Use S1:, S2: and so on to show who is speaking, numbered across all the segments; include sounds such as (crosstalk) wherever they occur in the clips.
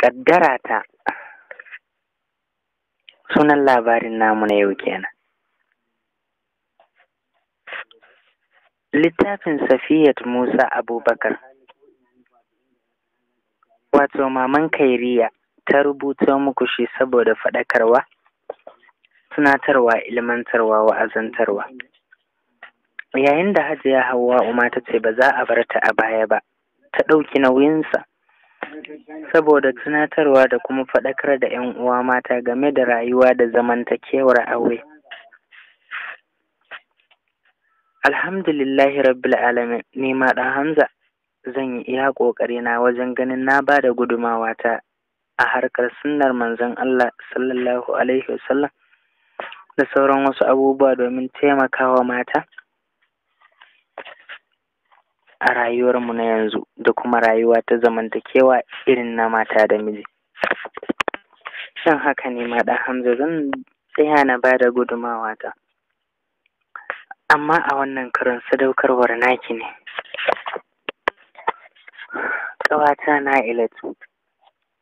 S1: Kaddara ta sunan labarin namu na yau kenan. Littafin Safiyat Musa Abubakar Wato Maman Kairiya ta rubuta muku shi saboda faɗakarwa, tunatarwa, ilmantarwa, wa'azantarwa. Yayin da Hajiya Hauwa Uma ta ce ba za a bar ta a baya ba, ta ɗauki nauyinsa. saboda tunatarwa da kuma faɗakar da 'yan uwa mata game da rayuwa da zamantakewar aure. Alhamdulillahi rabbil alamin ni ma ɗan Hamza zan yi iya ƙoƙari na wajen ganin na ba da gudumawa ta a harkar sunnar manzon Allah sallallahu alaihi wasallam da sauran wasu abubuwa domin taimakawa mata a rayuwarmu na yanzu da kuma rayuwa ta zamantakewa irin na mata da miji shan haka ne ma da hamza zan tsaya na ba da gudumawa ta amma a wannan karin sadaukarwar naki ne ƙawata na ilatu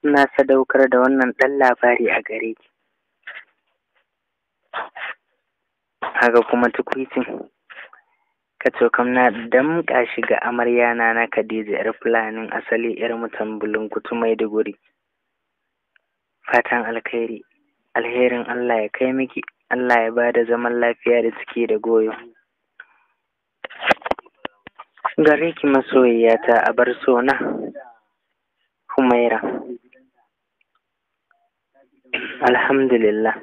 S1: na sadaukar da wannan ɗan labari a gare ki haka kuma tukwitin. kam na damƙa shi ga amarya na Khadija 'yar Fulanin asali 'yar mutan Bulunkutu Maiduguri. Fatan alkhairi, alherin Allah ya kai miki, Allah ya bada zaman lafiya da ciki da goyo. Gare ki ta a bar sona, Humaira. Alhamdulillah.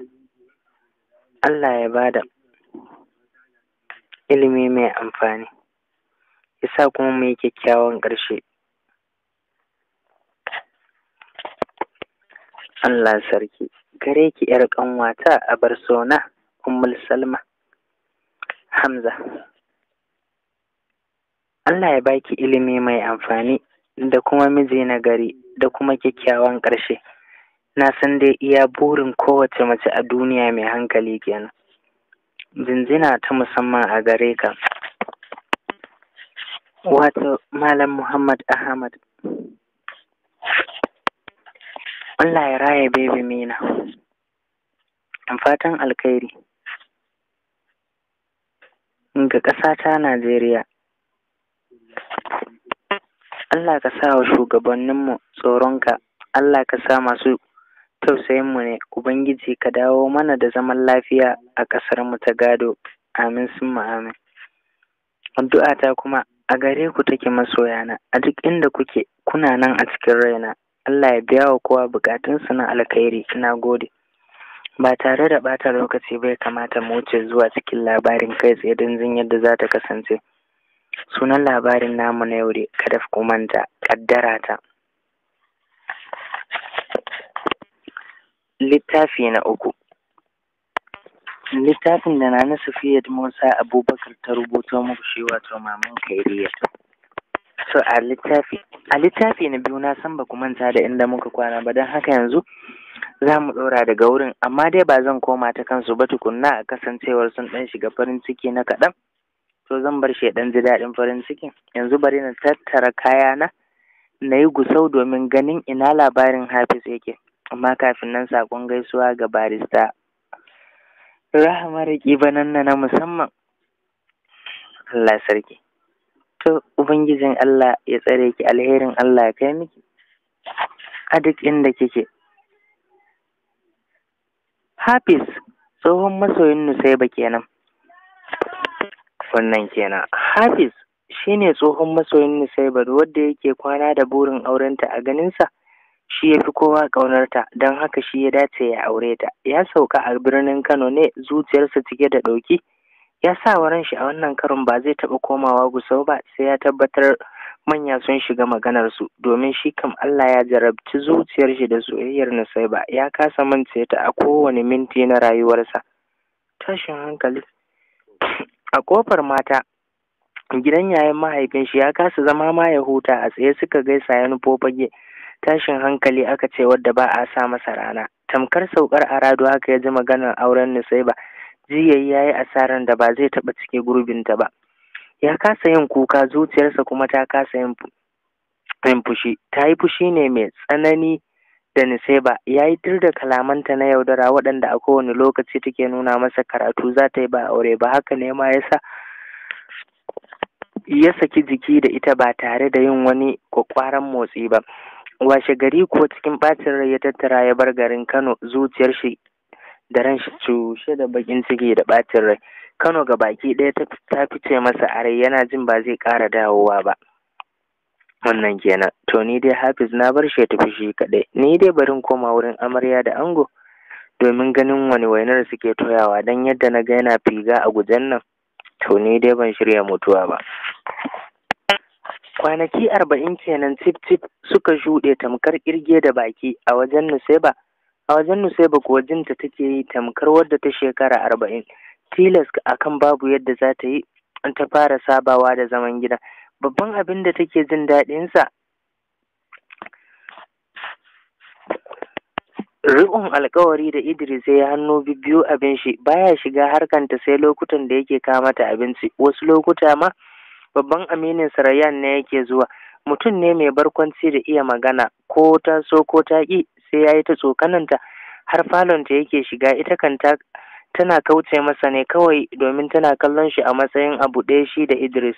S1: Allah ya bada ilimi mai amfani yasa sa kuma mai kyakkyawan ƙarshe Allah sarki gare ki yar ƙanwata a Barsona Ummul Salma Hamza Allah ya baki ilimi mai amfani da kuma miji na gari da kuma kyakkyawan ƙarshe na san dai iya burin kowace mace a duniya mai hankali kenan jinjina ta musamman a gare ka wato malam muhammad ahmad allah ya raya bebe mina fatan alkhairi ga ƙasata najeriya allah ka sa wa shugabanninmu tsoronka allah ka sa masu tausayinmu ne ubangiji ka dawo mana da zaman lafiya a ƙasarmu ta gado amin mu amin addu'a ta kuma a gare ku take masoyana a duk inda kuke kuna nan a cikin raina Allah ya biya wa kowa bukatunsa na alkhairi na gode ba tare da bata lokaci bai kamata mu wuce zuwa cikin labarin kai tsaye don jin yadda za ta kasance sunan labarin namu na yau kada ku manta kaddara ta littafi na uku littafin da nana safiyat musa abubakar ta rubuto muku shi wato maman kairiya so a littafi a littafi na biyu na san ba ku manta da inda muka kwana ba don haka yanzu za mu ɗora daga wurin amma dai ba zan koma ta kansu ba tukunna a kasancewar sun ɗan shiga farin ciki na kaɗan to zan bar shi ɗan ji daɗin farin ciki yanzu bari na tattara kayana na yi gusau domin ganin ina labarin hafiz yake amma kafin nan saƙon gaisuwa ga barista rahama riƙi bananna na musamman Allah sarki to ubangijin Allah ya tsare ki alherin Allah ya kai miki a duk inda kike Hafiz tsohon masoyin Nusaiba kenan wannan kenan Hafiz shine tsohon masoyin Nusaiba wadda yake kwana da burin aurenta a ganinsa shi ya fi kowa ƙaunarta don haka shi ya dace ya aure ta ya sauka a birnin kano ne zuciyarsa cike da ɗauki ya sa wa shi a wannan karin ba zai taɓa komawa gusau ba sai ya tabbatar manya sun shiga maganar su domin shi kam Allah ya jarabci zuciyar shi da soyayyar ba, ya kasa mance ta a kowane minti na rayuwarsa tashin hankali a kofar mata gidan yayin mahaifin shi ya kasa zama ma ya huta a tsaye suka gaisa ya nufo fage tashin hankali aka ce wadda ba a sa masa rana tamkar saukar aradu haka ya ji maganar auren nusaiba jiyayi ya yi asarar da ba zai taɓa cike gurbinta ba ya kasa yin kuka zuciyarsa kuma ta kasa yin fushi ta yi fushi ne mai tsanani da niseba ya yi tir da kalamanta na yaudara waɗanda a kowane lokaci take nuna masa karatu za ta yi ba aure ba haka ne ma yasa ya saki jiki da ita ba tare da yin wani kwakwaran motsi ba washe gari kuwa cikin ɓacin rai ya tattara ya bar garin kano zuciyar shi da ran shi cushe da bakin ciki da ɓacin rai kano ga baki ɗaya ta fice masa a rai yana jin ba zai ƙara dawowa ba wannan kenan to ni dai hafiz na bar shi ya tafi shi kaɗai ni dai barin koma wurin amarya da ango domin ganin wani wainar suke toyawa don yadda na ga yana figa a gujen nan to ni dai ban shirya mutuwa ba Kwanaki arba'in kenan cif-cif suka shuɗe tamkar ƙirge da baki a wajen Nuseba. A wajen Nuseba kuwa jinta take yi tamkar wadda ta shekara arba'in. Tilas akan babu yadda za ta yi ta fara sabawa da zaman gida. Babban abin da take jin daɗin sa. Riƙon alkawari da Idris ya hannu biyu abin shi baya shiga harkanta sai lokutan da yake kamata abinci wasu lokuta ma babban aminin sarayyan ne yake zuwa mutum ne mai barkwanci da iya magana ko ta so ko ta ƙi sai ya yi ta tsokananta har falonta yake shiga ita kan ta tana kauce masa ne kawai domin tana kallon shi a matsayin abu ɗaya shi da Idris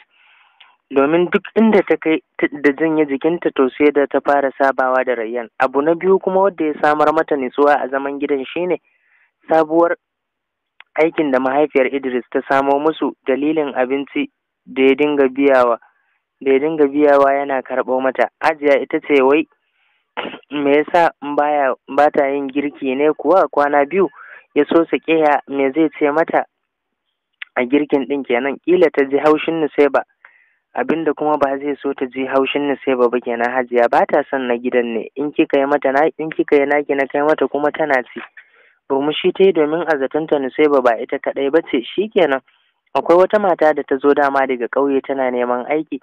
S1: domin duk inda ta kai da janye jikinta to sai da ta fara sabawa da Rayyan abu na biyu kuma wanda ya samar mata nutsuwa a zaman gidan shine sabuwar aikin da mahaifiyar Idris ta samo musu dalilin abinci da ya dinga biyawa da ya dinga biyawa yana karɓo mata ajiya ita ce wai me yasa baya ba ta yin girki ne kuwa kwana biyu ya so su kiya me zai ce mata a girkin ɗin kenan ƙila ta ji haushin nuseba abinda kuma ba zai so ta ji haushin nuseba ba kenan hajiya ba ta son na gidan ne in kika yi mata in kika yi naki na kai mata kuma tana ci burmushi ta yi domin a zatonta nuseba ba ita kaɗai ba ce shi kenan akwai wata mata da ta zo dama daga ƙauye tana neman aiki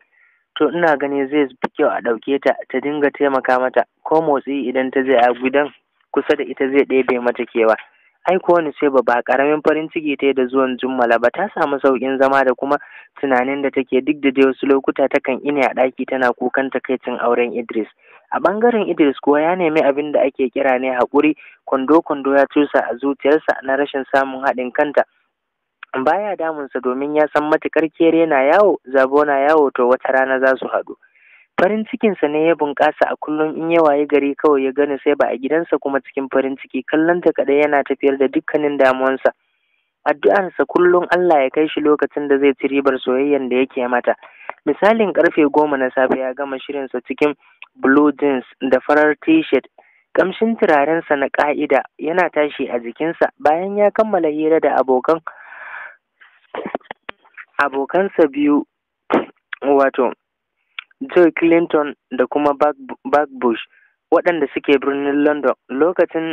S1: to ina gani zai fi kyau a ɗauke ta ta dinga taimaka mata ko motsi idan ta je a gidan kusa da ita zai ɗebe mata kewa ai ko wani sai ba ƙaramin farin ciki ta da zuwan jummala ba ta samu sauƙin zama da kuma tunanin da take duk da dai wasu lokuta ta kan ina a ɗaki tana kukan takaicin auren idris a ɓangaren idris kuwa ya nemi abin da ake kira ne haƙuri kwando kwando ya cusa a zuciyarsa na rashin samun haɗin kanta baya damunsa domin ya san matukar kere na yawo zabo na yawo to wata rana za su haɗu farin cikinsa ne ya bunƙasa a kullum in ya waye gari kawai ya gani sai ba a gidansa kuma cikin farin ciki kallon ta kaɗai yana tafiyar da dukkanin damuwansa addu'arsa kullum Allah ya kai shi lokacin da zai ci ribar soyayyar da yake mata misalin karfe goma na safe ya gama shirinsa cikin blue jeans da farar t-shirt kamshin turarensa na ƙa'ida yana tashi a jikinsa bayan ya kammala hira da abokan abokansa biyu wato Joe Clinton da kuma Buck Bush waɗanda suke birnin London lokacin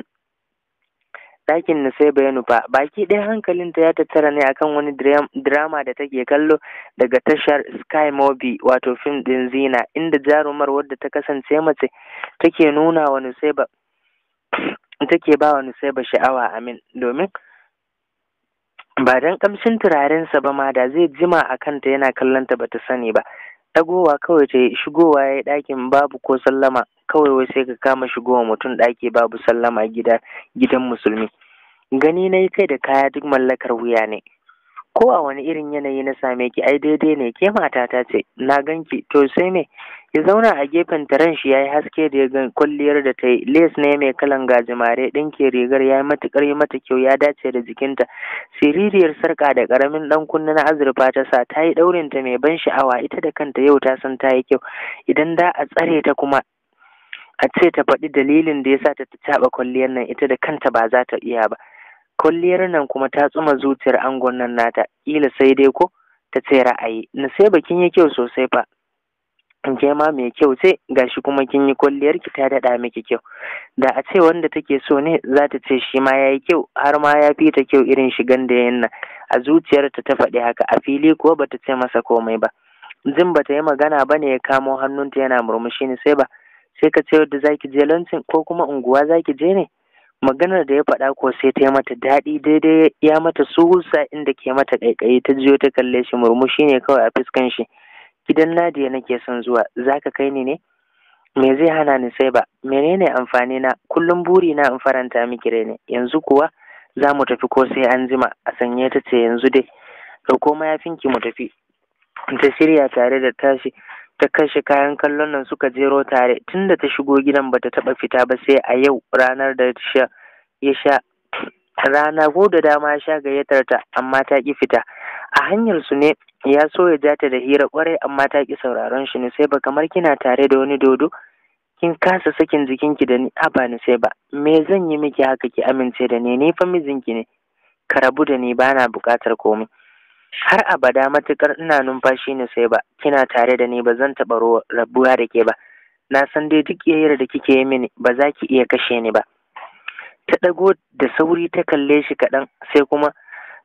S1: ɗakin sai bayanu nufa baki ɗaya hankalinta ya tattara ne akan wani drama da take kallo daga tashar Sky Movie wato fim ɗin Zina inda jarumar wadda ta kasance mace take nuna wa Nusaiba take ba wa Nusaiba sha'awa amin domin ba don kamshin turarensa ba ma da zai jima a kanta yana kallonta ba ta sani ba ɗagowa kawai ta shigowa ya yi ɗakin babu ko sallama kawai wai sai ka kama shigowa mutum ɗaki babu sallama gida gidan musulmi gani na yi kai da kaya duk mallakar wuya ne ko a wani irin yanayi na same ki ai daidai ne ke ta ce na ganki to sai me ya zauna a gefen taren shi ya yi haske da ya ga kwalliyar da ta yi les ne mai kalan gajimare ke rigar ya yi matuƙar yi mata kyau ya dace da jikinta siririyar sarƙa da ƙaramin ɗan kunna na azurfa ta sa ta yi ɗaurin ta mai ban sha'awa ita da kanta yau ta san ta yi kyau idan da a tsare ta kuma a ce ta faɗi dalilin da ya sa ta taɓa kwalliyar nan ita da kanta ba za ta iya ba kwalliyar nan kuma ta tsuma zuciyar angon nan nata ƙila sai dai ko ta ce ra'ayi na sai bakin ya kyau sosai fa ke ma mai kyau ce gashi kuma kin yi kwalliyar ki ta daɗa miki kyau da a ce wanda take so ne za ta ce shi ma yayi kyau har ma ya fi ta kyau irin shigan da yayin nan a zuciyarta ta faɗi haka a fili kuwa bata ce masa komai ba jin bata yi magana ba ne ya kamo hannunta yana murmushi ne sai ba sai ka ce yadda zaki je lancin ko kuma unguwa zaki je ne maganar da ya faɗa ko sai ta yi mata daɗi daidai ya mata suhusa inda ke mata ƙaiƙayi ta jiyo ta kalle shi murmushi ne kawai a fuskan shi idan nadiya nake son zuwa zaka kai ni ne me zai hana ni sai ba menene amfani na kullum buri na in faranta miki rai ne yanzu kuwa za mu tafi ko sai an jima a sanye ta ce yanzu dai da ɗauko mayafinki mu tafi ta shirya tare da tashi ta kashe kayan kallon nan suka jero tare tunda ta shigo gidan ba ta taba fita ba sai a yau ranar da ya sha rana ko da dama ya sha gayyatar ta amma ta ki fita a hanyar su ne ya so ya ja da hira kwarai amma ta ki sauraron shi ne sai ba kamar kina tare da wani dodo kin kasa sakin jikinki da ni Haba ni sai ba me zan yi miki haka ki amince da ni ni fa mijinki ne ka rabu da ni bana bukatar komai har abada matukar ina numfashi ne sai ba kina tare da ni ba zan taɓa rabuwa da ke ba na san dai duk yayyar da kike yi mini ba za ki iya kashe ni ba ta ɗago da sauri ta kalle shi kaɗan sai kuma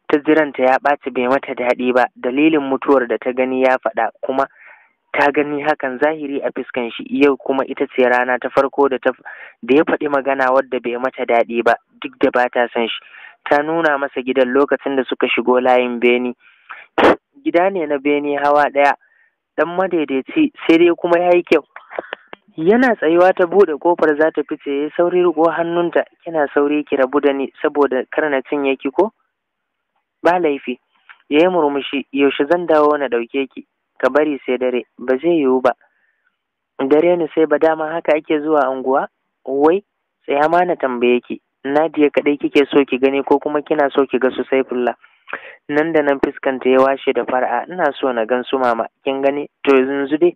S1: ta jiranta ya ɓaci bai mata daɗi ba dalilin mutuwar da ta gani ya faɗa kuma ta gani hakan zahiri a fuskan shi yau kuma ita ce rana ta farko da ta da ya faɗi magana wadda bai mata daɗi ba duk da ba ta son shi ta nuna masa gidan lokacin da suka shigo layin beni gida ne na beni hawa ɗaya ɗan madaidaici sai dai kuma ya yi kyau yana tsayuwa ta buɗe kofar za ta fice ya sauri riko hannunta kina sauri ki rabu da ni saboda kar na cinye ki ko ba laifi ya yi murmushi yaushe zan dawo na ɗauke ki ka bari sai dare ba zai yiwu ba dare ni sai ba dama haka ake zuwa anguwa wai tsaya ma na tambaye ki nadiya kaɗai kike so ki gani ko kuma kina so ki ga su saifulla nan da nan fuskanta ya washe da fara'a ina so na gan su mama kin gani to yanzu dai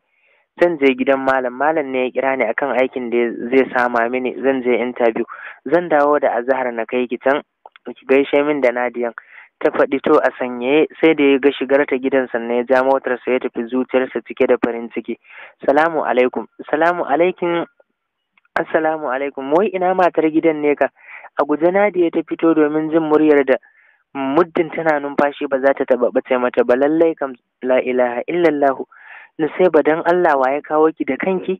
S1: zan je gidan malam malam ne ya kira ni akan aikin da zai sama mini zan je interview zan dawo da azahar na kai ki can ki gaishe min da nadiyan ta faɗi to a sanyaye sai da ya ga shigar ta gidan sannan ya ja motarsa ya tafi zuciyarsa cike da farin ciki salamu alaikum salamu alaikum assalamu alaikum wai ina matar gidan ne ka a guje ya ta fito domin jin muryar da muddin tana numfashi ba za ta taɓa ɓace mata ba lallai kam la ilaha illallahu na sai ba dan Allah wa ya kawo ki da kanki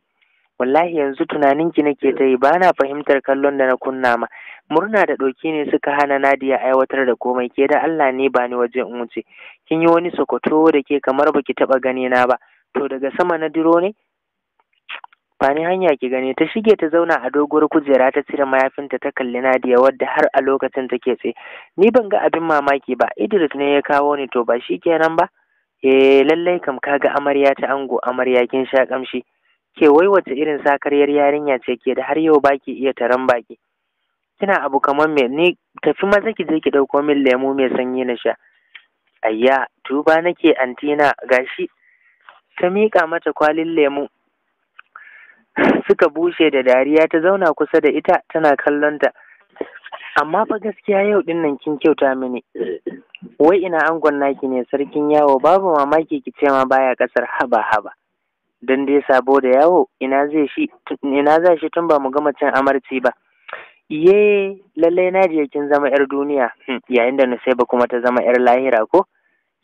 S1: wallahi yanzu tunanin ki nake ta yi ba na fahimtar kallon da na kunna ma murna da ɗauki ne suka hana nadiya aiwatar da komai ke da allah ne ba ni waje in wuce kin yi wani sokoto da ke kamar baki taɓa gani na ba to daga sama na diro ne ba ni hanya ki gani ta shige ta zauna a doguwar kujera ta cire mayafinta ta kalli nadiya wadda har a lokacin take tse ni ban ga abin mamaki ba idris ne ya kawo ni to ba shi kenan ba eh lallai kam ga amarya ta ango amarya kin sha kamshi ke wai wace irin sakaryar yarinya ce ke da har yau baki iya taron baki kina abu kamar me ni tafi maza ki je ki dauko min lemu mai sanyi na sha ayya tuba nake antina gashi ta mika mata kwalin lemu suka bushe da dariya ta zauna kusa da ita tana kallon ta amma fa gaskiya yau din nan kin kyauta mini wai ina angon naki ne sarkin yawo babu mamaki ki ce ma baya kasar haba haba don dai sabo da yawo ina zai za shi tun ba mu gama cin amarci ba ye lallai na je kin zama yar duniya hm, yayin da Nusaiba kuma ta zama yar lahira ko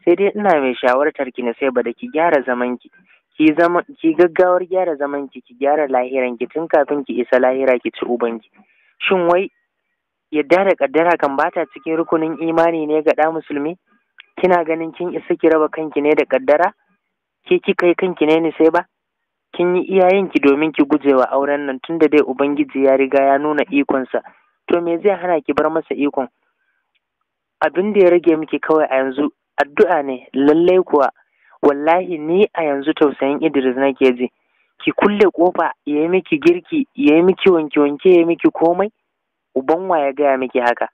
S1: sai dai ina mai shawartar ki Nusaiba da ki gyara zaman ki ki zama ki gaggawar gyara zaman ki ki gyara lahiran ki tun kafin ki isa lahira ki ci uban shin wai yadda da kaddara kan bata cikin rukunin imani ne ga da musulmi kina ganin kin isa ki raba kanki ne da kaddara ke kika yi kanki ne sai ba kin yi iyayenki domin ki guje wa auren nan tunda dai ubangiji ya riga ya nuna ikonsa to me zai hana ki bar masa ikon abin da ya rage miki kawai a yanzu addu'a ne lallai kuwa wallahi ni a yanzu tausayin Idris nake ji ki kulle kofa ya yi miki girki ya yi miki wanke wanke ya yi miki komai uban wa ya gaya miki haka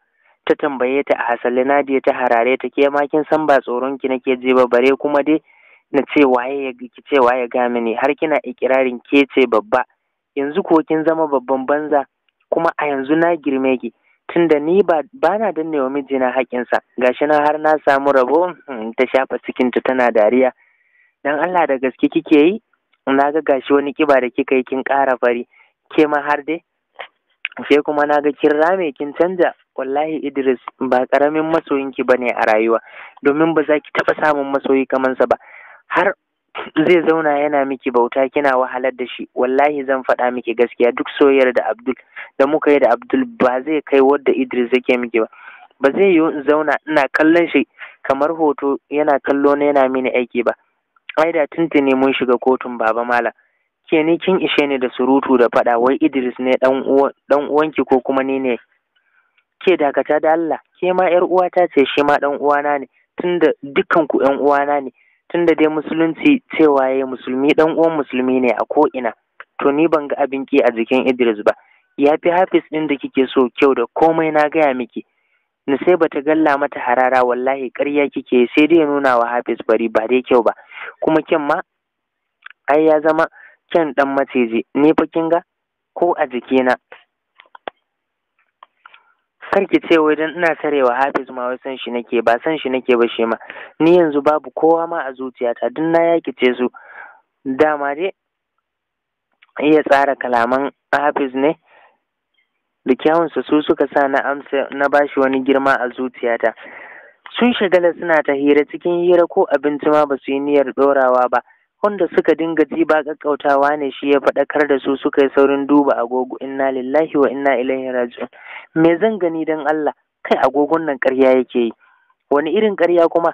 S1: ta tambaye ta a hasali nadiya ta harare ta ke ma kin san ba tsoron ki nake ji ba bare kuma dai na ce waye ya ki ce waye ga mini har kina ikirarin ke ce babba yanzu ko kin zama babban banza kuma a yanzu na girme ki tunda ni ba bana danne wa mijina haƙinsa gashi na har na samu rabo mm, ta shafa cikin ta tana dariya dan Allah da gaske kike yi na ga gashi wani kiba da kika yi kin ƙara fari ke ma har dai sai kuma na ga kin rame kin canja wallahi Idris ba ƙaramin masoyinki bane a rayuwa domin ba za ki taɓa samun masoyi kamansa ba har zai zauna yana miki bauta kina wahalar da shi wallahi zan faɗa miki gaskiya duk soyayyar da Abdul da muka yi da Abdul ba zai kai wadda Idris yake miki ba ba zai yi in zauna ina kallon shi kamar hoto yana kallo na yana mini aiki ba ai da tuntuni mun shiga kotun baba malam ke ni kin ishe ni da surutu da faɗa wai Idris ne dan uwanki ko kuma ni ne ke dakata da Allah ke ma yar uwata ce shi ma dan uwana ne tunda dukkan ku yan uwana ne Tun da dai musulunci cewa ya musulmi dan uwan musulmi ne a ko ina to ni ban ga abin ki a jikin Idris ba ya fi Hafiz din da kike so kyau da komai na gaya miki ni sai bata galla mata harara wallahi ƙarya kike sai dai nuna wa Hafiz bari ba dai kyau ba kuma kin ma ai ya zama kyan dan maciji ni fa kin ga ko a jikina kar ki ce wai dan ina wa Hafiz ma wai san shi nake ba san shi nake ba shi ma ni yanzu babu kowa ma a zuciyata duk na ce su dama dai iya tsara kalaman Hafiz ne da kyawunsa su suka sa na amsa na bashi wani girma a zuciyata sun shagala suna ta hira cikin hira ko abinci ma ba su yi niyyar ɗorawa ba wanda suka dinga ji ba kakkautawa ne shi ya faɗakar da su suka yi saurin duba agogo inna lillahi wa inna ilaihi raji'un me zan gani dan Allah kai agogon nan ƙarya yake yi wani irin ƙarya kuma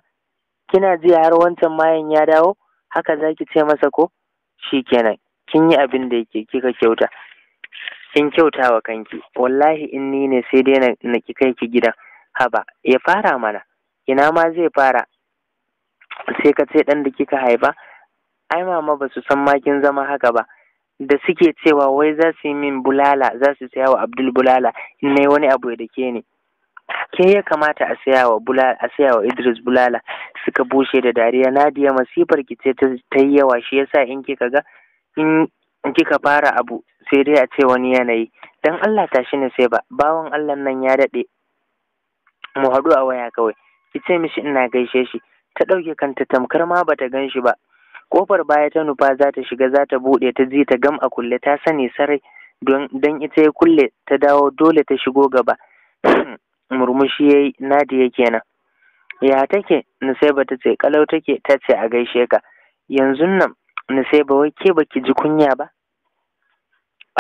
S1: kina ji har wancan mayan ya dawo haka zaki ce masa ko shikenan kin yi abin da yake kika kyauta kin kyauta wa kanki wallahi in ni ne sai dai na ki kai ki gidan haba ya fara mana ina ma zai fara sai ka ce dan da kika haifa ai mama ba su san makin zama haka ba da suke cewa wai za su yi min bulala za su saya wa abdul bulala in na wani abu da ke ne ke ya kamata a saya wa idris bulala suka bushe da dariya nadiya masifar ki ce ta yi yawa shi yasa in kika ga in kika fara abu sai dai a ce wani yanayi dan allah ta shi ne sai ba bawan allah nan ya daɗe mu haɗu a waya kawai ki ce mishi ina gaishe shi ta ɗauke kanta tamkar ma bata gan shi ba kofar baya ta nufa za ta shiga za ta buɗe ta ji ta gam a kulle ta sani sarai don ita ya kulle ta dawo dole ta shigo gaba (clears throat) murmushi ya yi nadiya kenan ya take nusaiba ta ce kalau take ta ce a gaishe ka yanzu nan nusaiba wai ke baki ji kunya ba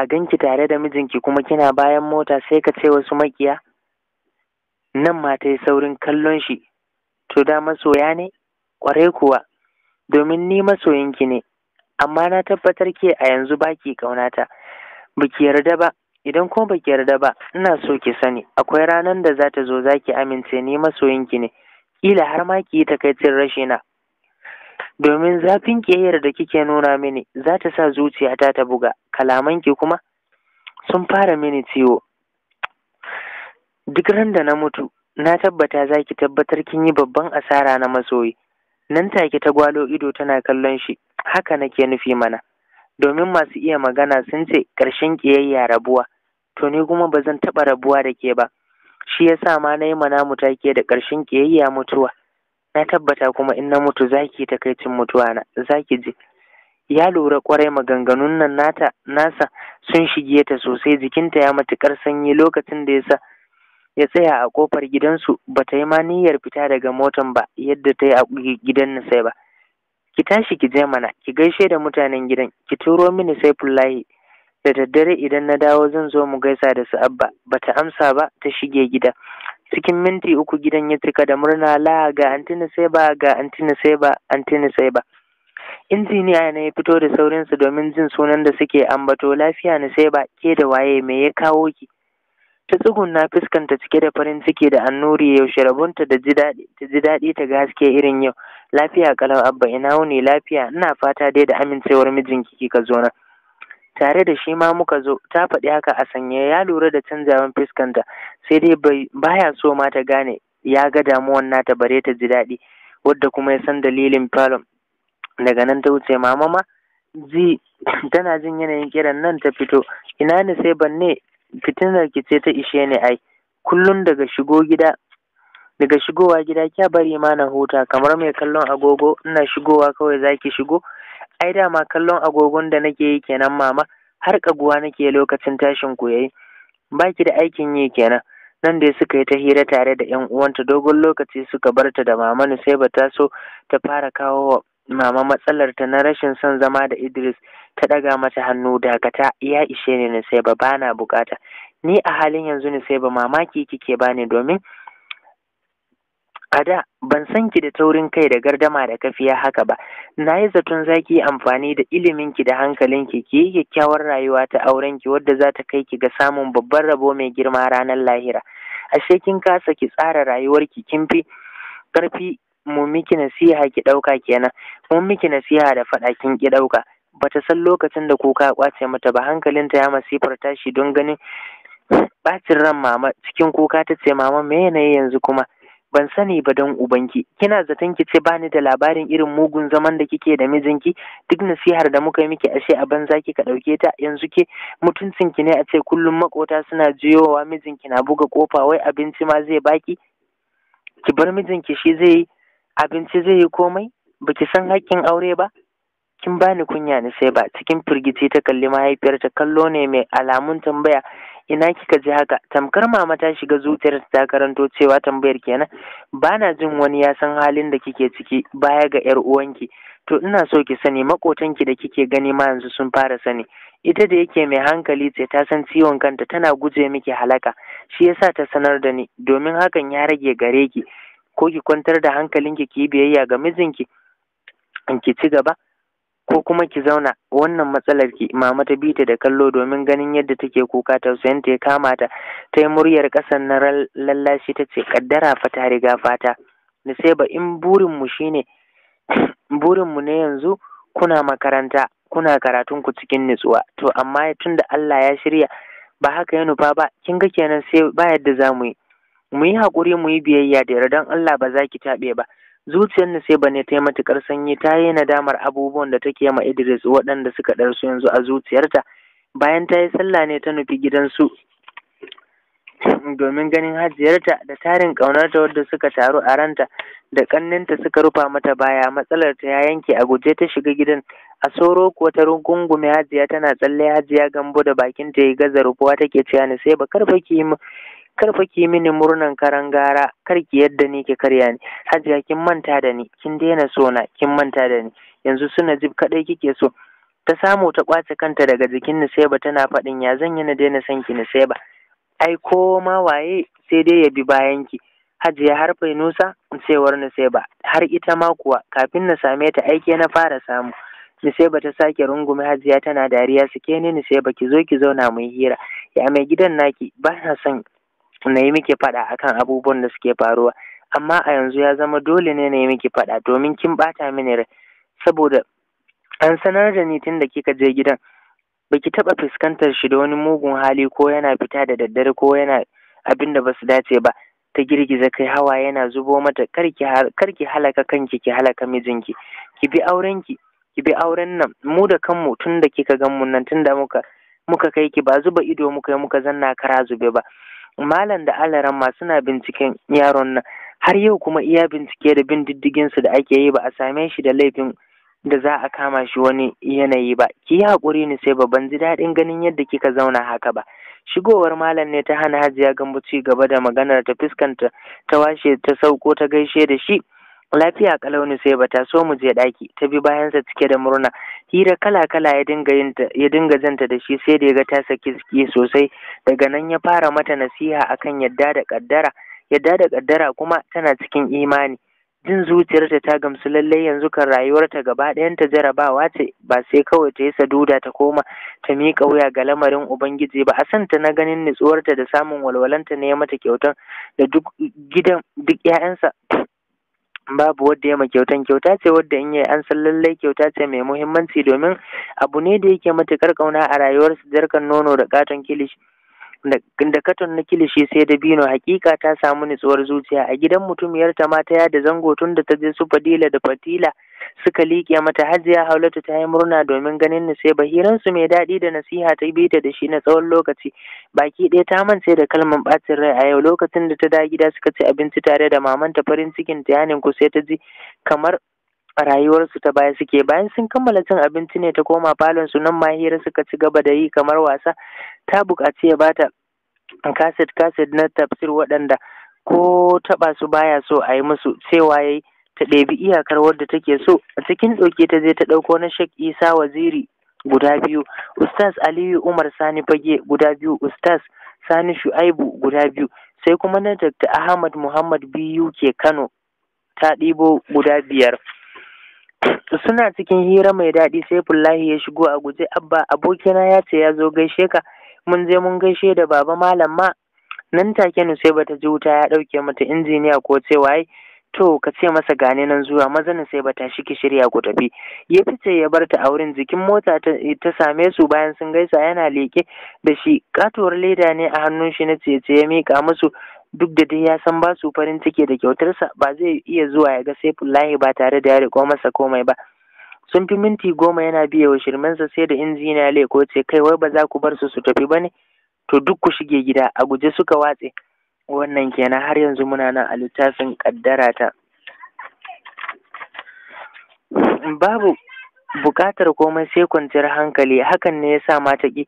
S1: a ganki tare da mijinki kuma kina bayan mota sai ka ce wasu makiya nan ma yi saurin kallon shi to da masoya ne kwarai kuwa domin ni masoyinki ne amma na tabbatar ke a yanzu baki ƙaunata baki yarda ba idan ko baki yarda ba ina so ki sani akwai ranar da za ta zo za ki amince ni masoyinki ne kila har ma ki yi takaicin rashi na domin zafin kiyayyar da kike nuna mini za ta sa zuciyata ta buga kalaman ki kuma sun fara mini ciwo duk ran da na mutu na tabbata za ki tabbatar kin yi babban asara na masoyi nan take ta gwalo ido tana kallon shi haka nake nufi mana domin masu iya magana sun ce ƙarshen ƙiyayya rabuwa to ni kuma ba zan taɓa rabuwa da ke ba shi ya sa ma na yi mana take da ƙarshen ƙiyayya mutuwa na tabbata kuma in na mutu za zaki takaicin mutuwa na ki ji ya lura kwarai maganganun nan nata nasa sun shige ta sosai jikinta ya matuƙar sanyi lokacin da ya sa ya tsaya a kofar gidansu ba ta yi ma niyyar fita daga motan ba yadda ta yi a gidan Nisai ba. Ki tashi ki je mana, ki gaishe da mutanen gidan, ki turo mini Saifullahi da daddare idan na dawo zan zo mu gaisa da su Abba, ba ta amsa ba ta shige gida. Cikin minti uku gidan ya cika da murna la ga Antiniseba, sai ba ga Antiniseba, sai ba sai ba. Injiniya ne ya fito da saurinsu domin jin sunan da suke ambato lafiya ni sai ba ke da waye me ya kawo ki. ta tsuguna fuskanta cike da farin ciki da annuri yaushe rabonta da ji daɗi ta ga haske irin yau lafiya kalau abba ina wuni lafiya ina fata dai da amincewar mijinki kika zo na tare da shi ma muka zo ta faɗi haka a sanya ya lura da canzawan fuskanta sai dai baya so ma ta gane ya ga damuwan nata bare ta ji daɗi wadda kuma ya san dalilin falon daga nan ta wuce mama ma ji tana jin yanayin kiran nan ta fito ina ne sai banne fitinar ki ce ta ishe ni ai kullum daga shigo gida daga shigowa gida kya bari ma na huta kamar mai kallon agogo ina shigowa kawai zaki shigo ai dama kallon agogon da nake yi kenan mama har kaguwa nake lokacin tashin ku yayi baki da aikin yi kenan nan dai suka yi ta hira tare da yan uwanta dogon lokaci suka barta da mamanu sai bata so ta fara kawo mama matsalar ta na rashin son zama da Idris ta ɗaga mata hannu dakata ya ishe ni sai ba bana bukata ni a halin yanzu ni sai ba mamaki kike bani domin a da ban san ki da taurin kai da gardama da kafiya haka ba na yi zaton za ki amfani da iliminki da hankalinki ki yi kyakkyawar rayuwa ta aurenki wadda za ta kai ki ga samun babban rabo mai girma ranar lahira ashe kin kasa ki tsara rayuwar ki kin fi karfi Mu miki nasiha ki ɗauka kenan mun miki nasiha da faɗa kin ki ɗauka bata san lokacin da kuka ya ƙwace mata ba hankalinta ya masifar tashi don ganin ɓacin ran mama cikin kuka ta ce mama me yanayi yanzu kuma ban sani ba don ubanki kina zaton ki ce bani da labarin irin mugun zaman da kike da mijinki duk nasihar da muka yi miki ashe a banza ki ka ɗauke ta yanzu ke mutuncin ki ne a ce kullum makota suna jiyowa mijinki na buga kofa wai abinci ma zai baki ki bar mijinki shi zai yi abinci zai yi komai baki san haƙƙin aure ba kin bani kunya ni sai ba cikin firgici ta kalli mahaifiyarta kallo ne mai alamun tambaya ina kika ji haka tamkar mama ta shiga zuciyar ta karanto cewa tambayar kenan bana jin wani ya san halin da kike ciki baya ga yar uwanki to ina so ki sani makotanki da kike gani ma yanzu sun fara sani ita da yake mai hankali ce ta san ciwon kanta tana guje miki halaka shi yasa ta sanar da ni domin hakan ya rage gare ki ko ki kwantar da hankalinki ki yi biyayya ga mijinki ki ci gaba ko kuma ki zauna wannan matsalar ki mama ta bi ta da kallo domin ganin yadda take kuka tausayin ta ya kama ta ta yi muryar ƙasan na lallashi ta ce kaddara fa ta riga fata da sai ba in mu shine (coughs) mu ne yanzu kuna makaranta kuna karatun ku cikin nutsuwa to amma tunda Allah ya shirya ba haka ya nufa ba kin ga kenan sai ba yadda zamu yi mu yi haƙuri mu yi biyayya da don Allah ba za ki taɓe ba zuciyar na sai ba ne ta yi matuƙar sanyi ta yi nadamar abubuwan da take ma Idris waɗanda suka ɗarsu yanzu a zuciyarta bayan ta yi sallah ne ta nufi gidansu domin ganin hajiyarta da tarin ƙaunarta wadda suka taru a ranta da ƙanninta suka rufa mata baya matsalar ta ya yanke a guje ta shiga gidan a soro kuwa ta rungungume hajiya tana tsalle hajiya gambo da bakin ta ya gaza rufuwa take cewa ni sai bakar baki kar fa ki mini murnan karan gara kar ki yadda ni ki karya ni hajiya kin manta da ni kin daina so na kin manta da ni yanzu suna jib kadai kike so ta samu ta kwace kanta daga jikin Nusaiba tana faɗin ya zan yi na daina san ki Nusaiba ai ko ma waye sai dai ya bi bayan ki Hajiya har Nusa cewar Nusaiba har ita ma kuwa kafin na same ta aike na fara samu Nusaiba ta sake rungume Hajiya tana dariya su. Ke ni Nusaiba ki zo ki zauna mu hira ya mai gidan naki ba na son na yi miki faɗa akan abubuwan da suke faruwa amma a yanzu ya zama dole ne na yi miki faɗa domin kin ɓata mini rai saboda an sanar da ni tun da kika je gidan baki taɓa fuskantar shi da wani mugun hali ko yana fita da daddare ko yana abin da basu dace ba ta girgiza kai hawa yana zubo mata karki halaka kanki ki halaka mijinki ki bi aurenki ki bi auren nan mu da kanmu tun da kika gan nan tun da muka muka kai ki ba zuba ido muka yi muka zanna kara zube ba malam da ma suna binciken yaron nan har yau kuma iya bincike da bin su da ake yi ba a same shi da laifin da za a kama shi wani yanayi ba ki yi hakuri ni sai ban ji daɗin ganin yadda kika zauna haka ba shigowar malam ne ta hana hajiya gambo ci gaba da maganar ta fuskanta ta washe ta sauko ta gaishe da shi lafiya sai sai ta so mu je ɗaki ta bi bayansa cike da murna hira kala kala ya dinga yin ya dinga janta da shi sai da ya ga ta saki ski sosai daga nan ya fara mata nasiha akan yadda da kaddara yadda da kaddara kuma tana cikin imani jin zuciyarta ta gamsu lallai yanzu kan rayuwarta gaba ɗayan ta jarabawa ce ba sai kawai ta yi saduda ta koma ta miƙa wuya ga lamarin ubangiji ba a san ta na ganin nutsuwarta da samun walwalanta ne ya mata kyautan da duk gidan duk 'ya'yansa babu wadda ya ma kyautan kyauta ce wadda in yi an san lallai kyauta ce mai muhimmanci domin abu ne da yake matukar ƙauna a rayuwarsu jarkan nono da katon kilishi da katon na kilishi sai da bino, hakika ta samu nutsuwar zuciya a gidan mutumiyar ta mata ya da zango tun da ta je su fadila da fatila suka liƙe mata hajiya haulatu ta yi murna domin ganin ni sai bahiransu mai daɗi da nasiha ta bi ta da shi na tsawon lokaci baki ɗaya ta mance da kalman ɓacin rai a yau lokacin da ta da gida suka ci abinci tare da mamanta farin cikin ta yanin ku sai ta ji kamar a rayuwarsu ta baya suke bayan sun kammala cin abinci ne ta koma falon su nan hira suka ci gaba da yi kamar wasa ta buƙaci ya bata kaset kaset na tafsir waɗanda ko taɓa su baya so a yi musu cewa yayi ta ɗebi iyakar wadda take so a cikin ɗauke ta je ta ɗauko na shek isa waziri guda biyu ustaz aliyu umar sani fage guda biyu ustaz sani shu'aibu guda biyu sai kuma na dr ahmad muhammad biyu ke kano ta ɗibo guda biyar suna cikin hira mai daɗi sai fullahi ya shigo a guje abba abokina ya ce ya zo gaishe ka mun je mun gaishe da baba malam ma nan take ni sai bata ji wuta ya ɗauke mata injiniya ko ce waye to ka ce masa gane nan zuwa mazanin sai bata shi ki shirya ku tafi ya fice ya bar ta a wurin jikin mota ta same su bayan sun gaisa yana leke da shi katuwar leda ne a hannun shi na cece ya mika musu duk da dai ya san ba su farin ciki da kyautarsa ba zai iya zuwa ya ga saifullahi ba tare da ya riko masa komai ba sun fi minti goma yana biya wa shirmansa sai da injiniya leko ce kai wai ba za ku bar su su tafi ba ne to duk ku shige gida a guje suka watse wannan kenan har yanzu muna nan a littafin ƙaddara ta babu buƙatar komai sai kwanciyar hankali hakan ne ya sa ma ta ƙi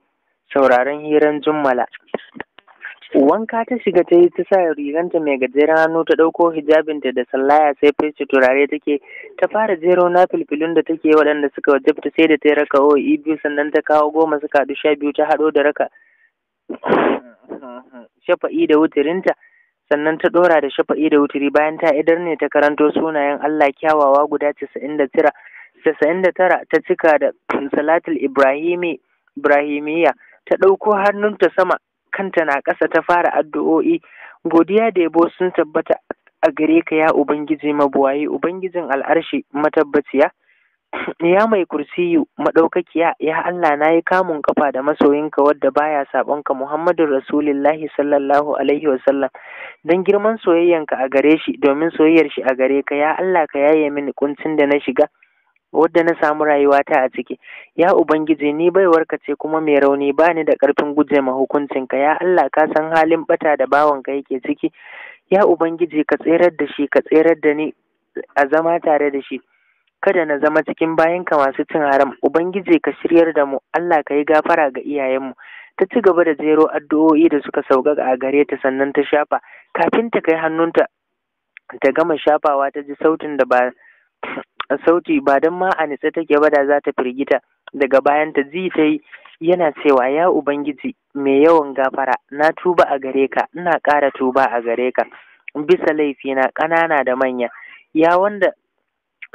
S1: sauraron hiran jummala wanka ta shiga ta yi ta sa riganta mai gajeren hannu ta ɗauko hijabinta da sallaya sai fesci turare take ta fara jero na filfilun da take waɗanda suka wajabta sai da ta yi raka o biyu sannan ta kawo goma suka haɗu sha biyu ta haɗo da raka (laughs) shafa'i da wutirinta sannan ta ɗora da shafa'i da wuturi, bayan ta idar ne ta karanto sunayen Allah kyawawa guda casa'in da tara casa'in da tara ta cika da (clears throat) salatul ibrahimi ibrahimiyya ta ɗauko hannunta sama kanta na ƙasa ta fara addu'o'i godiya da yabo sun tabbata a gare ka ya ubangiji mabuwayi ubangijin al'arshi matabbaciya (coughs) ya mai kursiyu maɗaukakiya? ya Allah na yi kamun kafa da masoyinka wadda baya ka, Muhammadun Rasulullahi sallallahu alaihi wasallam don girman soyayyanka a gare shi domin soyayyar shi a gare ka ya Allah ka yaye mini kuncin da na shiga wadda na samu rayuwa ta a ciki ya ubangiji ni baiwarka ce kuma mai rauni ba ni da karfin guje ma ka. ya Allah ka san halin bata da bawanka yake ciki ya ubangiji ka tserar da shi ka tserar da ni a zama tare da shi kada na zama cikin bayanka masu cin haram ubangiji ka shiryar da mu Allah ka yi gafara ga iyayenmu ta ci gaba da jero addu'o'i da suka sauƙaƙa a gare ta sannan ta shafa kafin ta kai hannunta ta gama shafawa ta ji sautin da ba (sniffs) sauti ba don ma a nitse take ba da za ta firgita daga bayan ta ji ta yi yana cewa ya ubangiji mai yawan gafara na tuba a gare ka ina ƙara tuba a gare ka bisa laifina ƙanana da manya ya wanda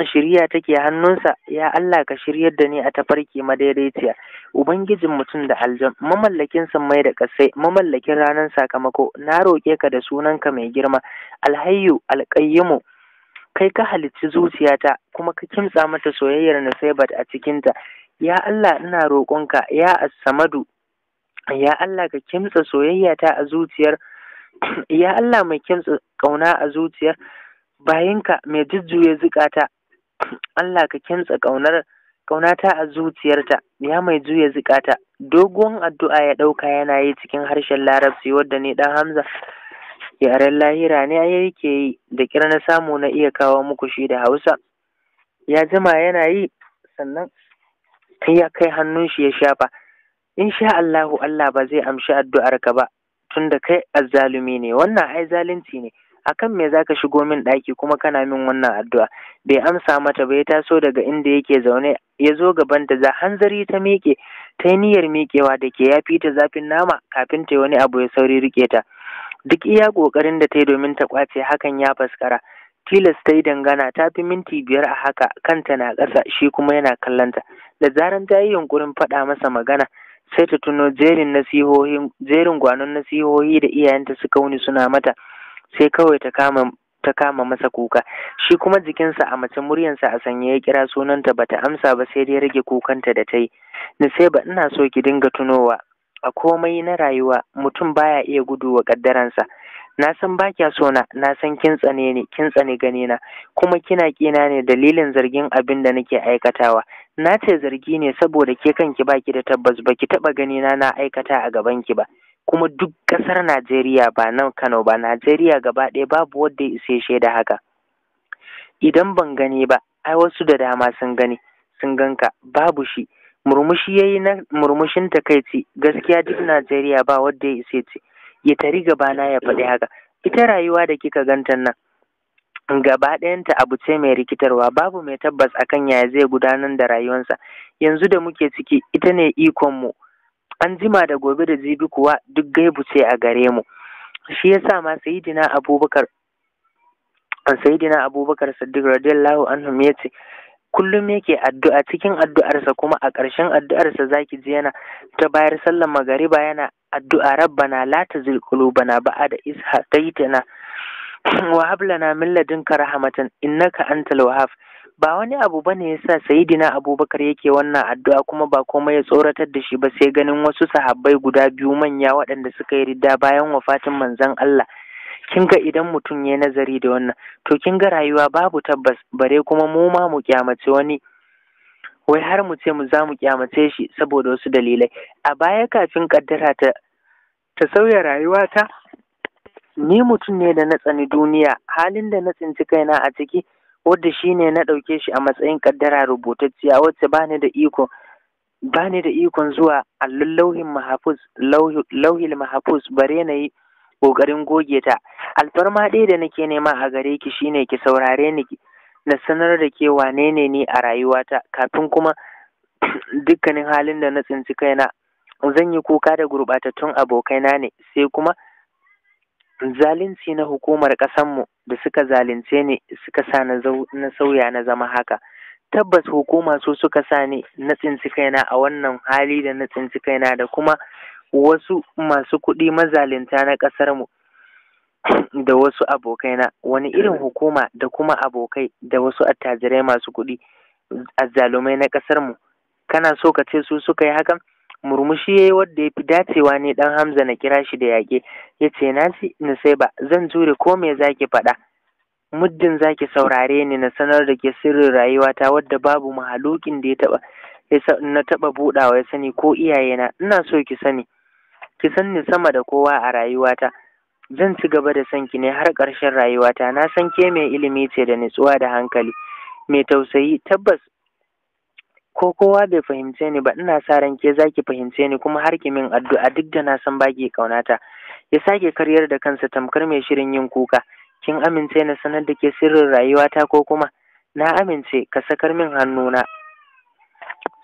S1: shirya take hannunsa ya Allah ka shiryar da ni a tafarki madaidaiciya ubangijin mutum da aljan mamallakin mai da ƙasai mamallakin ranar sakamako na roƙe ka da sunanka mai girma alhayyu alƙayyimu kai ka halicci zuciyata kuma ka kimtsa mata soyayyar nasaibat a cikinta ya Allah ina roƙonka ya asamadu ya Allah ka kimtsa soyayyata a zuciyar (clears throat) ya Allah mai kimtsa ƙauna a zuciyar bayinka mai jujjuya zukata Allah ka kintsa ƙaunar ƙaunata a zuciyarta ya mai juya zikata dogon addu'a ya ɗauka yana yi cikin harshen larabci wadda ne ɗan hamza yaren lahira ne yake yi da kira na samu na iya kawo muku shi da hausa ya jima yana yi sannan ya kai hannun shi ya shafa in sha Allahu Allah ba zai amshi ka ba tunda kai azzalumi ne wannan ai zalunci ne akan me zaka shigo min ɗaki kuma kana min wannan addu'a bai amsa mata ba ya taso daga inda yake zaune ya zo gaban gabanta za hanzari ta miƙe ta yi niyyar miƙewa da ke ya fita zafin nama kafin ta yi wani abu ya sauri rike ta duk iya ƙoƙarin da ta yi domin ta ƙwace hakan ya faskara tilas ta yi dangana ta fi minti biyar a haka kanta na ƙasa shi kuma yana kallanta da zaran ta yi yunƙurin faɗa masa magana sai ta tuno jerin nasihohin jerin gwanon nasihohi da iyayenta suka wuni suna mata sai kawai ta kama ta kama masa kuka shi kuma jikinsa a mace muryarsa a sanye ya kira sunanta bata amsa ba sai dai rage kukanta da ta yi ni sai ba ina so ki dinga tunowa a komai na rayuwa mutum baya iya gudu wa kaddaransa na san ba kya sona na san kin tsane ne kin tsane gane na kuma kina kina ne dalilin zargin abin da nake aikatawa na ce zargi ne saboda ke kanki baki da tabbas baki taba gani na na aikata a gaban ki ba kuma duk ƙasar Najeriya ba nan Kano ba Najeriya gaba ɗaya babu wanda ya isa da haka idan ban gani ba ai wasu da dama sun gani sun ganka babu shi murmushi yayi na murmushin takaici gaskiya duk Najeriya ba wanda ya isa ce ya tari gaba na ya faɗi haka ita rayuwa da kika ganta nan gaba ɗayanta abu ce mai rikitarwa babu mai tabbas akan yaya zai gudanar da rayuwarsa yanzu da muke ciki ita ne ikonmu an jima da gobe da jibi kuwa duk gaibu ce a gare mu shi yasa ma sayidina abubakar sayidina abubakar siddiq radiyallahu anhu ya ce kullum yake addu'a cikin addu'arsa kuma a ƙarshen addu'arsa zaki ji yana ta bayar sallar magariba yana addu'a rabbana la tuzigh qulubana ba'da idh hadaytana wa hab lana min ladunka rahmatan innaka antal wahhab ba wani abu ba ne yasa sayidina abubakar yake wannan addu'a kuma ba komai ya tsoratar da shi ba sai ganin wasu sahabbai guda biyu manya waɗanda suka yi ridda bayan wafatin manzon Allah kin ga idan mutum ya nazari da wannan to kin ga rayuwa babu tabbas bare kuma mu ma mu kyamace wani wai har mu ce mu za mu kyamace shi saboda wasu dalilai a baya kafin kaddara ta ta sauya rayuwa rayuwata ni mutum ne da na tsani duniya halin da na tsinci kaina a ciki wadda shi ne na ɗauke shi a matsayin ƙaddara rubutacciya wacce ba ni da iko ba ni da ikon zuwa allon lauhin mahafuz lauhil mahafuz bare na yi ƙoƙarin goge ta alfarma ɗaya da nake nema a gare ki shine ki saurare ni na sanar da ke wane ne ni a rayuwata kafin kuma (clears throat) dukkanin halin da na tsinci kaina zan yi kuka da gurɓatattun abokaina ne sai kuma zalunci na hukumar ƙasanmu da suka zalunce ni suka sa na sauya na zama haka tabbas hukuma su suka sa ni na tsinci kaina a wannan hali da na tsinci kaina da kuma wasu masu kuɗi mazalinta na ƙasarmu da wasu abokaina wani irin hukuma da kuma abokai da wasu attajirai masu kuɗi a zalumai na ƙasarmu kana so ka ce su suka yi hakan murmushi ya yayi ya fi dacewa ne dan Hamza na kira shi da yaƙe ce na sai ba, zan jure ko me za ki faɗa muddin za ki saurare ni na sanar da ke sirrin rayuwata wadda babu mahalukin da ya taba na taɓa buɗawa ya sani ko iyayena ina so ki sani ki san ni sama da kowa a rayuwata zan ci gaba da sanki ki ne har ƙarshen rayuwata na san ke mai ilimi ce da nutsuwa da hankali mai tausayi tabbas ko kowa bai fahimce ni ba ina sa ran ke zaki fahimce ni kuma har ki min addu'a duk da na san baki kaunata ya sake karyar da kansa tamkar mai shirin yin kuka kin amince na sanar da ke sirrin rayuwata ko kuma na amince ka sakar min hannuna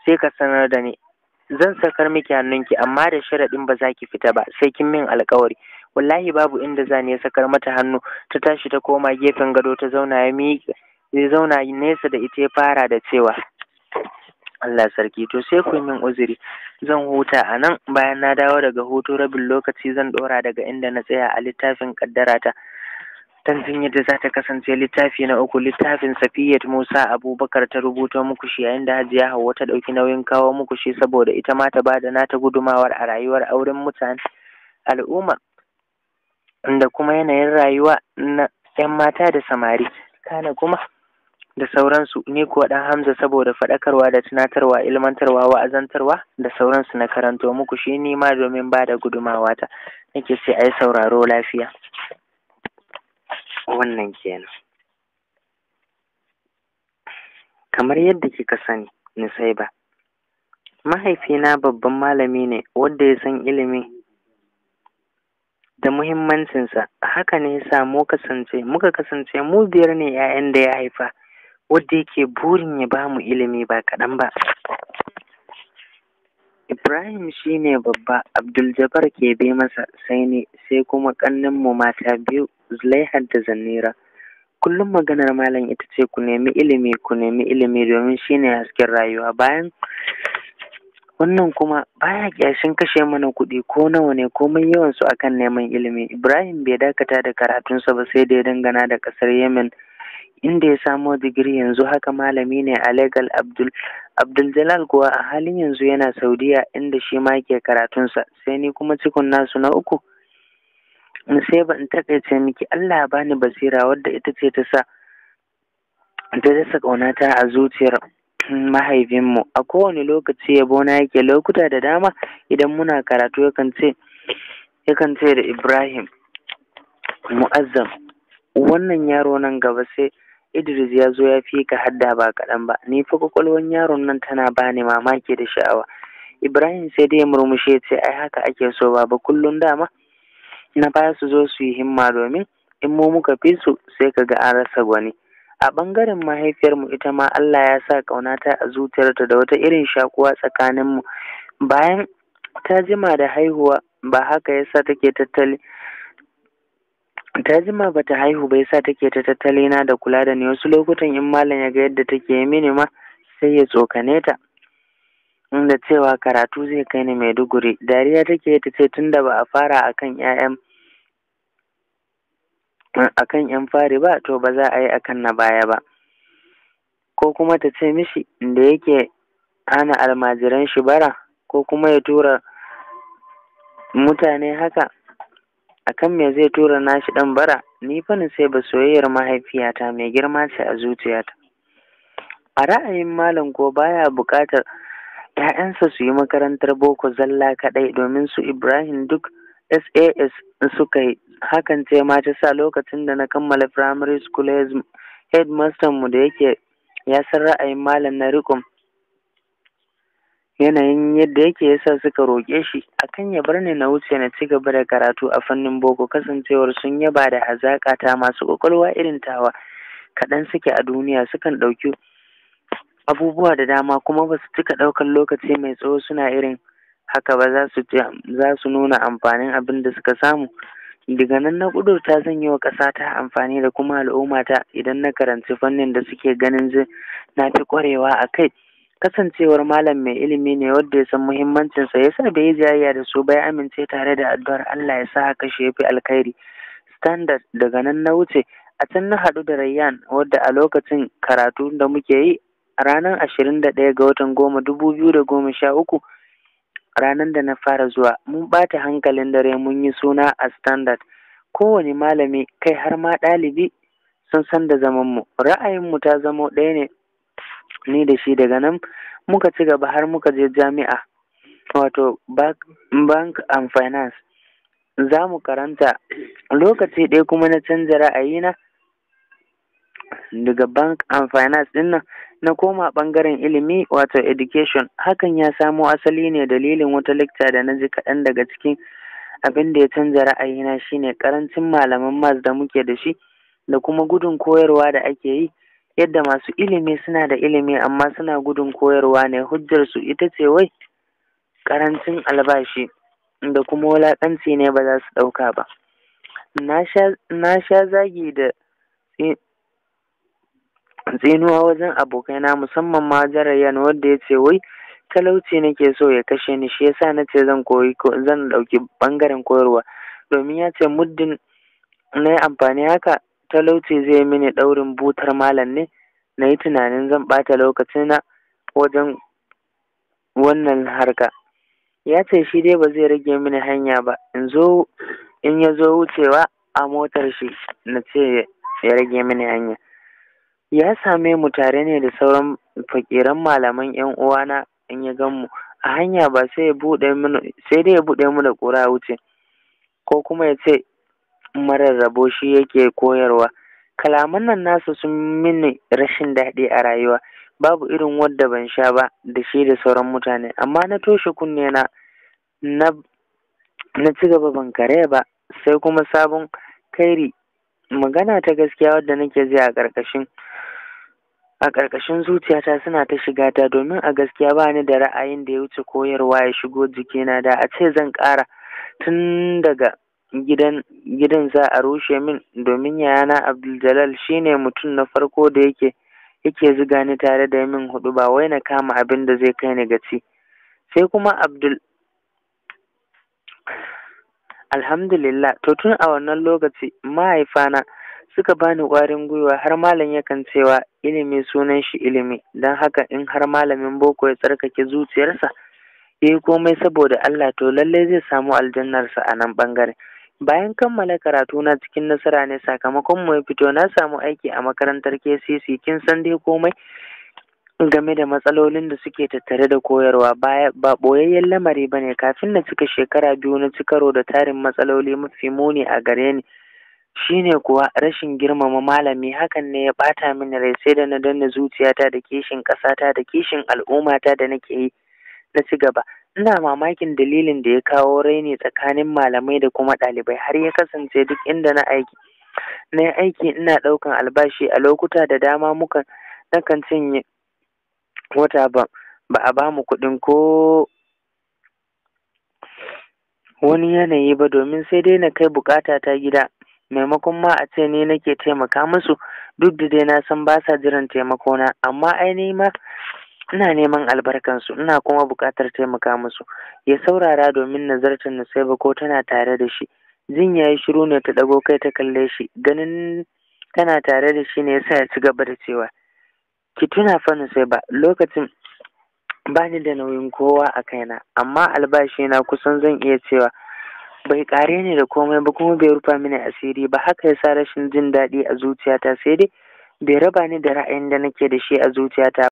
S1: sai ka sanar da ni zan sakar miki hannunki amma da sharaɗin ba za ki fita ba sai kin min alkawari wallahi babu inda za ya sakar mata hannu ta tashi ta koma gefen gado ta zauna ya miƙe zai zauna nesa da ita ya fara da cewa Allah sarki to sai ku min uzuri zan huta a nan bayan na dawo daga hutu rabin lokaci zan ɗora daga inda na tsaya a littafin ƙaddarata tantin yadda za ta kasance littafi na uku littafin safiyat musa abubakar ta rubuta muku shi yayin da hajiya hawa ta ɗauki nauyin kawo muku shi saboda ita ma ta bada nata gudumawar a rayuwar auren mutane al'umma da kuma yanayin rayuwa na 'yan mata da samari kana kuma da sauransu ni kuwa ɗan Hamza saboda faɗakarwa da tunatarwa ilmantarwa wa'azantarwa da sauransu na karanto muku shi ni ma domin ba da gudumawa ta nake sai a yi sauraro lafiya wannan kenan kamar yadda kika sani nisaiba. mahaifina babban malami ne wanda ya san ilimi da muhimmancinsa haka ne ya sa mu kasance muka kasance mu biyar ne 'ya'yan da ya haifa wadda yake burin ya bamu ilimi ba kaɗan ba Ibrahim shi ne babba Abdul-Jabbar ke bi masa sai ne sai kuma mu mata biyu Zulaihat da Zannira. Kullum maganar malam ita ce ku nemi ilimi ku nemi ilimi domin shi ne hasken rayuwa bayan wannan kuma baya kyashin kashe mana kuɗi ko nawa ne komai yawan su akan neman ilimi. Ibrahim bai dakata da karatunsa ba sai da ya dangana da ƙasar Yemen. inda ya samo digiri yanzu haka malami ne a legal abdul abdul kuwa a halin yanzu yana saudiya inda shi ma ke karatunsa sai ni kuma cikin nasu na uku sai ban takaice miki allah bani basira wadda ita ce ta sa ta dasa ƙaunata a zuciyar mahaifinmu a kowane lokaci ya na yake lokuta da dama idan muna karatu yakan ce yakan ce da ibrahim mu'azzam wannan yaro nan gaba sai Idris ya zo ya fi ka hadda ba kaɗan ba, ni fa kwakwalwan yaron nan tana bani mamaki da sha'awa. Ibrahim sai dai murmushe ce ai haka ake so ba ba kullum dama. Na baya su zo su yi himma domin in mu muka fi su sai ka ga an rasa gwani. A ɓangaren mahaifiyarmu ita ma Allah ya sa ƙaunata a zuciyarta da wata irin shakuwa tsakaninmu. Bayan ta jima da haihuwa ba haka yasa take tattali ta jima bata haihu ba yasa take ta tattale na da kula da ni wasu lokutan in malam ya ga yadda take mini ma sai ya tsokane ta inda cewa karatu zai kai ni maiduguri dariya take ta ce tunda ba a fara akan ƴaƴan akan yan fari ba to ba za a yi akan na baya ba ko kuma ta ce mishi da yake ana almajiran shi bara ko kuma ya tura mutane haka akan me zai tura nashi ɗan bara ni fa sai ba soyayyar mahaifiyata mai girma ce a zuciyata a ra'ayin malam ko baya buƙatar ‘ya'yansa su yi makarantar boko zalla kaɗai domin su ibrahim duk sas suka yi hakan ce ma ta sa lokacin da na kammala primary school headmaster mu da yake ya san ra'ayin malam na Rikon. yanayin yadda yake yasa suka roƙe shi akan ya bar ni na wuce na ci gaba da karatu a fannin boko kasancewar sun yaba da hazaƙa ta masu ƙwaƙwalwa irin tawa kaɗan suke a duniya sukan ɗauki abubuwa da dama kuma ba su cika ɗaukan lokaci mai tsawo suna irin haka ba za su nuna amfanin abin da suka samu daga nan na ƙudurta zan yi wa ƙasa ta amfani da kuma al'ummata idan na karanci fannin da suke ganin na fi ƙwarewa a kai kasancewar malam mai ilimi ne wadda ya san muhimmancin sa yasa bai yi jayayya da su ba ya amince tare da addu'ar Allah ya sa haka shi yafi alkhairi standard daga nan na wuce a can na haɗu da Rayyan wadda a lokacin karatu da muke yi ranar ashirin da ɗaya ga watan goma dubu biyu da goma sha uku ranar da na fara zuwa mun ɓata hankalin dare mun yi suna a standard kowane malami kai har ma ɗalibi sun san da zamanmu ra'ayinmu ta zamo ɗaya ne ni da shi daga nan muka ci gaba har muka je jami'a wato bank and finance za mu karanta lokaci ɗaya kuma na canza ra'ayina daga bank and finance ɗin na koma ɓangaren ilimi wato education hakan ya samo asali ne dalilin wata lecture da na ji kaɗan daga cikin abin da ya canza ra'ayina shine karancin malaman mas da muke da shi da kuma gudun koyarwa da ake yi yadda masu ilimi suna da ilimi amma suna gudun koyarwa ne hujjar su ita ce wai karancin albashi da kuma wulaƙanci ne ba za su ɗauka ba na sha zagi da tsinuwa wajen abokaina musamman ma jarayen wanda ya ce wai talauci nake so ya kashe ni shi yasa na ce zan koyi zan ɗauki bangaren koyarwa domin ya ce muddin na yi amfani haka talauci zai yi mini ɗaurin butar malam ne na yi tunanin zan ɓata lokacina wajen wannan harka ya ce shi dai ba zai rage mini hanya ba in zo in ya zo wucewa a motar shi na ce ya rage mini hanya ya same mu tare ne da sauran fakiran malaman yan uwana in ya gan mu a hanya ba sai dai ya buɗe da ƙura wuce ko kuma ya ce Mararrabo shi yake koyarwa kalaman nan nasu sun mini rashin daɗi a rayuwa babu irin wadda ban sha ba da shi da sauran mutane amma na toshe kunne na na ci gaba ban kare ba sai kuma sabon kairi magana ta gaskiya wadda nake ji a ƙarƙashin a ƙarƙashin zuciyata suna ta shiga ta domin a gaskiya ba ni da ra'ayin da ya wuce koyarwa ya shigo jikina da a ce zan ƙara tun daga gidan gidan za a rushe min domin yayana Abdul ne mutum na farko da yake yake ziga ni tare da min hudu ba wai na kama abin da zai kai ni gaci sai kuma Abdul Alhamdulillah to tun a wannan lokaci mahaifana suka bani ƙwarin gwiwa har malam yakan cewa ilimi sunan shi ilimi don haka in har malamin boko ya tsarkake zuciyarsa ya komai saboda Allah to lallai zai samu aljannarsa a nan ɓangare. bayan kammala karatu na cikin nasara ne sakamakon mu ya fito na samu aiki a makarantar KCC kin san dai komai game da matsalolin da suke tattare da koyarwa ba ɓoyayyen lamari ba ne kafin na cika shekara biyu na cikaro da tarin matsaloli mafi muni a gare ni shine kuwa rashin girmama malami hakan ne ya ɓata mini rai sai da na danna zuciyata da kishin ƙasata da kishin al'ummata da nake yi na ci gaba ina mamakin dalilin da ya kawo raini tsakanin malamai da kuma ɗalibai har ya kasance duk inda na aiki na aiki ina ɗaukan albashi a lokuta da dama muka nakan cinye wata ba a ba mu kuɗin ko wani yanayi ba domin sai dai na kai bukata ta gida maimakon ma a ce ni nake taimaka musu duk da dai na san ba sa jiran taimakona amma ainihi ma ina neman albarkansu ina kuma buƙatar taimaka musu ya saurara domin nazartar nusaiba ko tana tare da shi jin ya yi shiru ne ta ɗago kai ta kalle shi ganin tana tare da shi ne yasa ya ci gaba da cewa ki tuna fa sai ba. lokacin ba ni da nauyin kowa a kaina amma albashi na kusan zan iya cewa bai ƙare ni da komai ba kuma bai rufa mini asiri ba haka ya sa rashin jin daɗi a zuciyata sai dai bai raba ni da ra'ayin da nake da shi a zuciyata